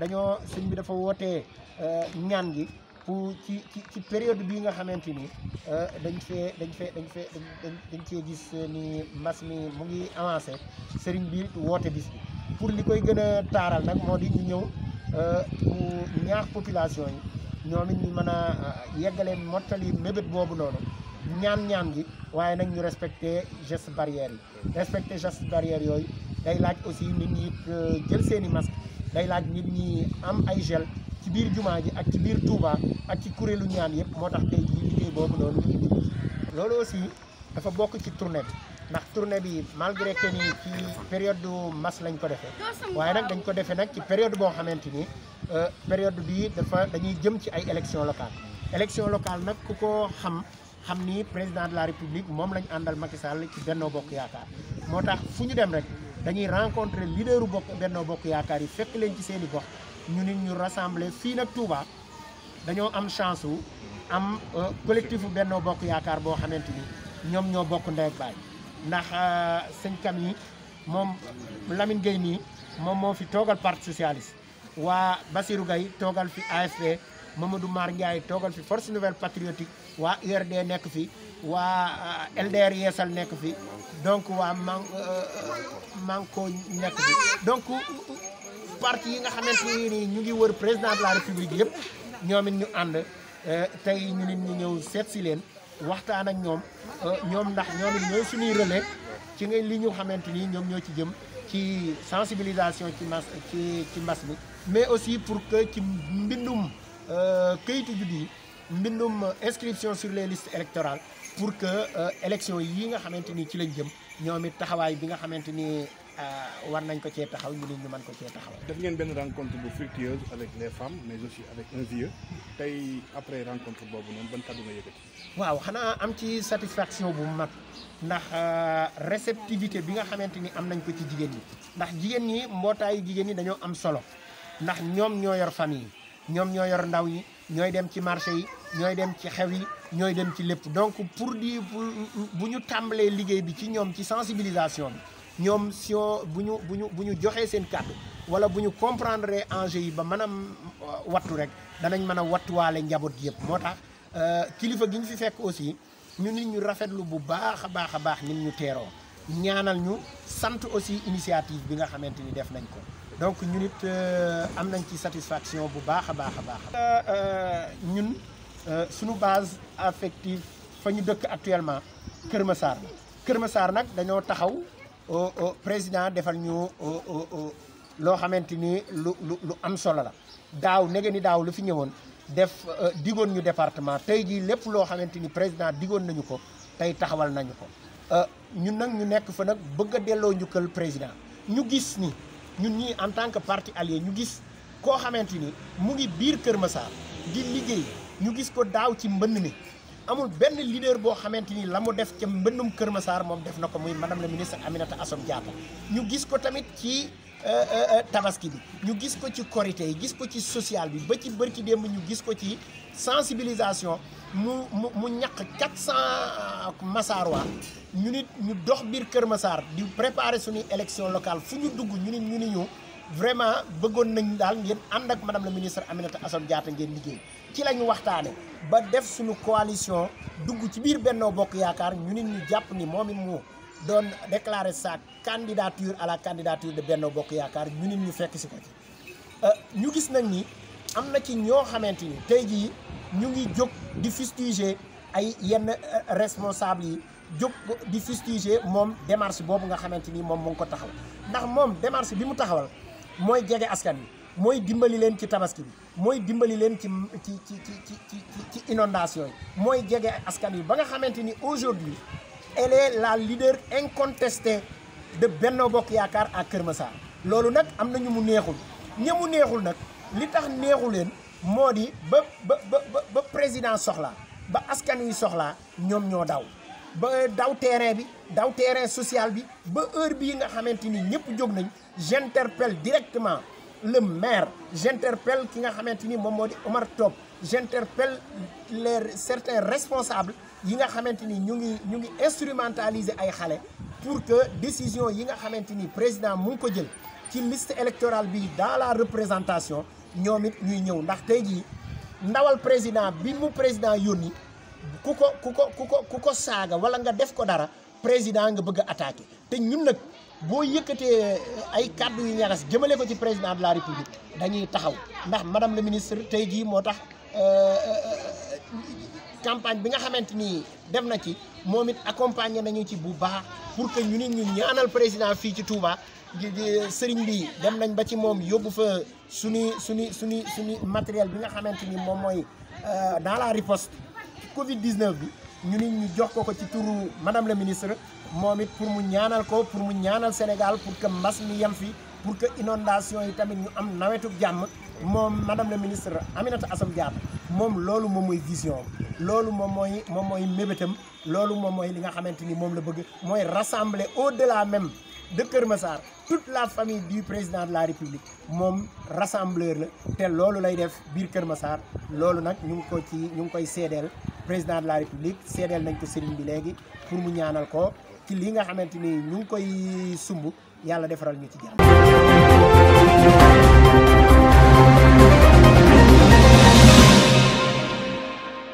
dañoo sëñ bi dafa wootee euh, ñaan gi pour ci ci ci période bii nga xamante ni euh, dañ fee dañ fee dañ fee dañ cee gis ni mbas mi mu ngi avancé sëriñ bi woote bis bi pour li koy gën a taaral nag moo di ñu ñëw euh, mu ñaax population yi ñoom it ñu mën a yeggale mottali mébét boobu noonu ñaan-ñaan gi waaye nag ñu respecté geste barrière yi respecté geste barrière yooyu day laaj aussi nit ñi jël seen i masque day laaj nit ñi am ay gel ci biir jumaa ji ak ci biir Touba ak ci kuréelu ñaan yëpp moo tax tey jii liggéey boobu noonu loolu aussi dafa bokk ci tournée bi ndax tournée bi malgré que ni ci période du mas lañ ko defee waaye nag dañ ko defee nag ci période boo xamante ni euh, période bi dafa dañuy jëm ci ay élection locale élection locale nag ku ko xam xam ni président de la république moom lañu àndal Macky Sall ci Benno Bokk Yaakaar moo tax fu ñu dem rek dañuy rencontrer leaderu bokk Benno Bokk Yaakaar yi fekk leen ci seeni i gox ñu nit ñu rassembler fii nag Touba dañoo am chance wu am euh, collectif Benno Bokk Yaakaar boo xamante ni ñoom ñoo bokk ndey ak ndax euh, sëñ Kam yi moom Lamine Gueye nii moom moo fi toogal parti socialiste waa Basirou Gaye toogal fi AFP Mamadou Mar Ndiaye toogal fi force nouvelle patriotique waa URD nekk fi waa euh, LDR yeesal nekk fi donc waa man euh, euh, manko nekk fi donc parti yi nga xamante ni ñu ngi wër président de la république yëpp ñoom it ñu ànd tey ñu nit ñu ñëw seet si leen waxtaan ak ñoom ñoom ndax ñoom it suñuy relais ci nga li ñu xamante nii ñoom ñoo ci jëm ci sensibilisation ci mas ci ci mbas mi mais aussi pour que ci mbindum euh, kayitu judd di mbindum inscription sur les listes électorales pour que euh, élection yi nga xamante ni ci lañ jëm ñoom it taxawaay bi nga xamante ni Euh, war nañ ko cee taxaw ñu ñu man ko cee taxaw. def ngeen benn rencontre bu fructueuse avec les femmes mais aussi avec un vieux tey après rencontre boobu noonu ban kàddu nga yëkkati. waaw xanaa am ci satisfaction bu mag ndax euh, réceptivité bi nga xamante ni am nañ ko ci jigéen ñi ndax jigéen ñi mbootaay jigéen ñi dañoo am solo ndax ñoom ñoo yor famille yi ñoom ñoo yor ndaw yi ñooy dem ci marché yi ñooy dem ci xew yi ñooy dem ci lépp donc pour di bu ñu tàmbalee liggéey bi ci ñoom ci sensibilisation ñoom sion bu ñu bu ñu bu ñu joxee seen kàddu wala bu ñu comprendre enjeu yi ba mën a euh, wattu rek danañ mën a wattuwaale njaboot yëpp moo tax euh, kilifa gi ñu fi fekk aussi ñu nit ñu rafetlu bu baax a baax a baax nit ñu teeroo ñaanal ñu sant aussi initiative bi nga xamante ni def nañ ko donc ñu nit euh, am nañ ci satisfaction bu baax a baax a baax ñun suñu base affective fa ñu dëkk actuellement Kër Massar la nag dañoo taxaw président defal ñu loo xamante ni lu lu lu am solo la daaw nege ni daaw lu fi ñëwoon def euh, digoon ñu departement tey jii lépp loo xamante ni président digoon nañu ko tey taxawal nañu ko euh, ñun nag ñu nekk fa nag bëgg a delloo njukkal président ñu gis ni ñun ñii en tant que parti allié ñu gis koo xamante ni mu ngi biir Kër Massar di liggéey ñu gis ko daaw ci mbënn mi amul benn leader boo xamante ni la mu def ca mbëndum Kër Massar moom def na ko muy madame la ministre Aminata Assome Diatta ñu gis ko tamit ci euh, euh, euh, tabaski bi ñu gis ko ci korité yi gis ko ci sociale bi ba ci bërki démb ñu gis ko ci sensibilisation mu mu mu ñàkk masaar Massarois ñu nit ñu dox biir Kër Massar di préparer suñuy élection locale fu ñu dugg ñu nit ñu ni ñu vraiment bëggoon nañ daal ngeen ànd ak madame la ministre Aminata Assome Diatta ngeen liggéey ci la ñu waxtaane ba def suñu coalition dugg ci biir Benno Bokk Yaakaar ñu nit ñu jàpp ni moom it mu doon déclarer sa candidature la candidature de Benno Bokk Yaakaar ñu nit ñu fekk si ko euh, ñu gis nañ ni am na ci ñoo xamante ni tey jii ñu ngi jóg di ay yenn euh, responsable jóg di fustiger moom démarche boobu nga xamante ni moom mu ngi ko taxaw ndax moom démarche bi mu taxawal mooy jege askan wi mooy dimbali leen ci tabaski bi mooy dimbali leen ci ci ci ci ci ci inondation yi mooy jege askan wi ba nga xamante ni aujourd'hui elle est la leader incontestée de Benno Bokk Yaakaar à Kër loolu nag am na mu neexul ñemu mu neexul nag li tax neexu leen moo di ba ba ba ba président soxlaa ba askan wi soxlaa ñoom ñoo daw ba daw terrain bi daw tere social bi ba heure bii nga xamante ni ñëpp jóg nañ j'interpelle directement le maire j'interpelle ki nga xamante ni moom moo di Omar Top j'interpelle les certains responsables yi nga xamante ni ñu ngi ñu ngi instrumentaliser ay xale pour que décision yi nga xamante ni président mu ngi ko jël ci liste électoral bi dans la représentation ñoom it ñuy ñëw ndax te jii ndawal président bi mu président yónni ku ko ku ko ku ko ku ko saaga wala nga def ko dara président nga bëgg a te ñun nag boo yëkkatee euh, ay kàddu yu ñagas jëmale ko ci président de la république dañuy taxaw ndax madame le ministre tey gii moo tax euh, euh, campagne bi nga xamante ni def na ci moom it accompagner nañu ci bu baax pour que ñu nit ñu ñaanal président fii ci Touba sëriñ bi dem nañ ba ci moom yóbbu fa suñu suñu suñu suñu matériel bi nga xamante ni moom mooy dans la riposte Covid 19 bi. ñu nit ñu jox ko ko ci turu madame la ministre moom it pour mu ñaanal ko pour mu ñaanal Sénégal pour que mbas mi yem fi pour que inondation yi tamit ñu am nawetu jàmm moom madame la ministre Aminata Assome Diatta moom loolu moom mooy vision loolu moom mooy moom mooy mébétam loolu moom mooy li nga xamante ni moom la bëgg mooy rassembler au-delà même de Kër Massar toute la famille du président de la République moom rassembleur la te loolu lay def biir Kër Massar loolu nag ñu ngi ko ci ñu ngi koy seedeel président de la république seedeel nañ ko sëriñ bi léegi pour mu ñaanal ko ci li nga xamante ni ñu ngi koy sumb yàlla defaral ñu ci jàmm